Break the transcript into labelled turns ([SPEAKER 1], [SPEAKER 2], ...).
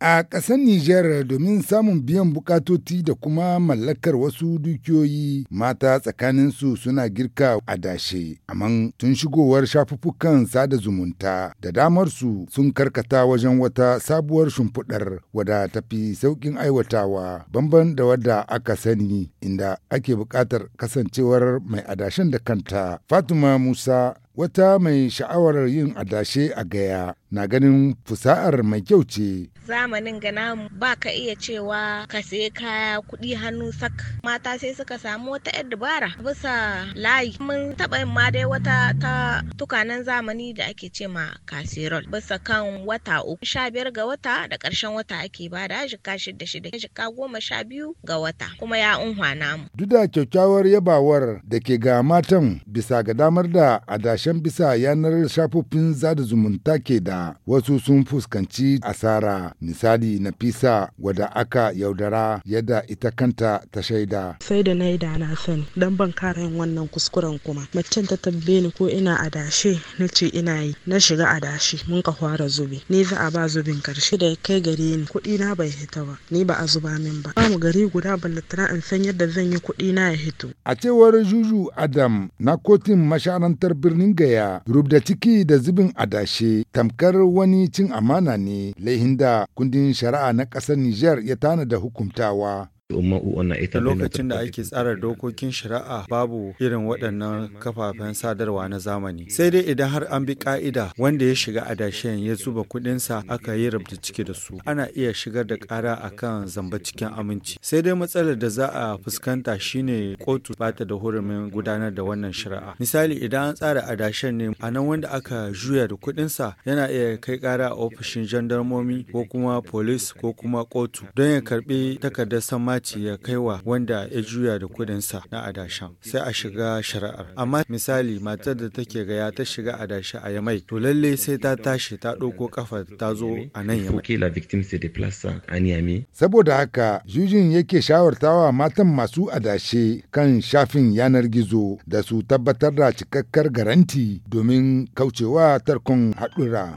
[SPEAKER 1] A ƙasar Nijar domin samun biyan bukatoti da kuma mallakar wasu dukiyoyi mata tsakaninsu suna girka adashe, amma tun shigowar shafuffukan sada zumunta da damarsu sun karkata wajen wata sabuwar shimfiɗar wadda tafi sauƙin aiwatawa banban da wadda aka sani inda ake buƙatar kasancewar mai adashen da kanta. Fatima Musa Wata mai sha'awar yin adashe a gaya na ganin fusa'ar mai kyau ce.
[SPEAKER 2] Zamanin gana ba ka iya cewa ka sayi kaya kuɗi hannu sak. Mata sai suka samu wata 'yar dabara bisa layi. Mun taɓa yin ma dai wata ta tukanen zamani da ake ce ma kasirol. Bisa kan wata uku. Sha biyar ga wata da karshen wata ake ba da jika shida shida. shika goma sha biyu ga wata. Kuma ya unhwa namu.
[SPEAKER 1] Duk kyakkyawar yabawar da ke ga matan bisa ga damar da adashi ƙasashen bisa yanar shafofin zada zumunta ke da wasu sun fuskanci asara misali na fisa wadda aka yaudara yadda ita kanta ta shaida.
[SPEAKER 3] Sai da na yi da na sani don ban kara yin wannan kuskuren kuma. Macen ta tambaye ni ko ina adashe na ce ina yi na shiga adashe mun ka fara zube. ni za a ba zubin karshe da ya kai gare ni kuɗi na bai hita ba ni ba a zuba min ba. Bamu gari guda ballatana in san yadda zan yi kuɗi
[SPEAKER 1] na ya hito. A cewar Juju Adam na kotun masharantar birnin gaya rubda ciki da zubin adashe tamkar wani cin amana ne laihin da kundin shari'a na ƙasar Nijar ya tana da hukuntawa
[SPEAKER 4] Lokacin da ake tsara dokokin shari'a babu irin waɗannan kafafen sadarwa na zamani. Sai dai idan har an bi ƙa'ida wanda ya shiga adashen ya zuba kuɗinsa aka yi rabta ciki da su. Ana iya shigar da ƙara kan zamba cikin aminci. Sai dai matsalar da za a fuskanta shine kotu ba ta da hurumin gudanar da wannan shari'a. Misali idan an tsara adashen ne a nan wanda aka juya da kuɗinsa yana iya kai ƙara a ofishin jandarmomi ko kuma polis ko kuma kotu don ya karɓi takardar sama kamata ya kai wa wanda ya juya da kudinsa na adashan sai a shiga shari'ar amma misali matar da take gaya ta shiga adashi a yamai to lalle sai ta tashi ta ɗauko kafa ta zo a nan yamai
[SPEAKER 1] saboda haka jujin yake shawartawa matan masu adashe kan shafin yanar gizo da su tabbatar da cikakkar garanti domin kaucewa tarkon haɗura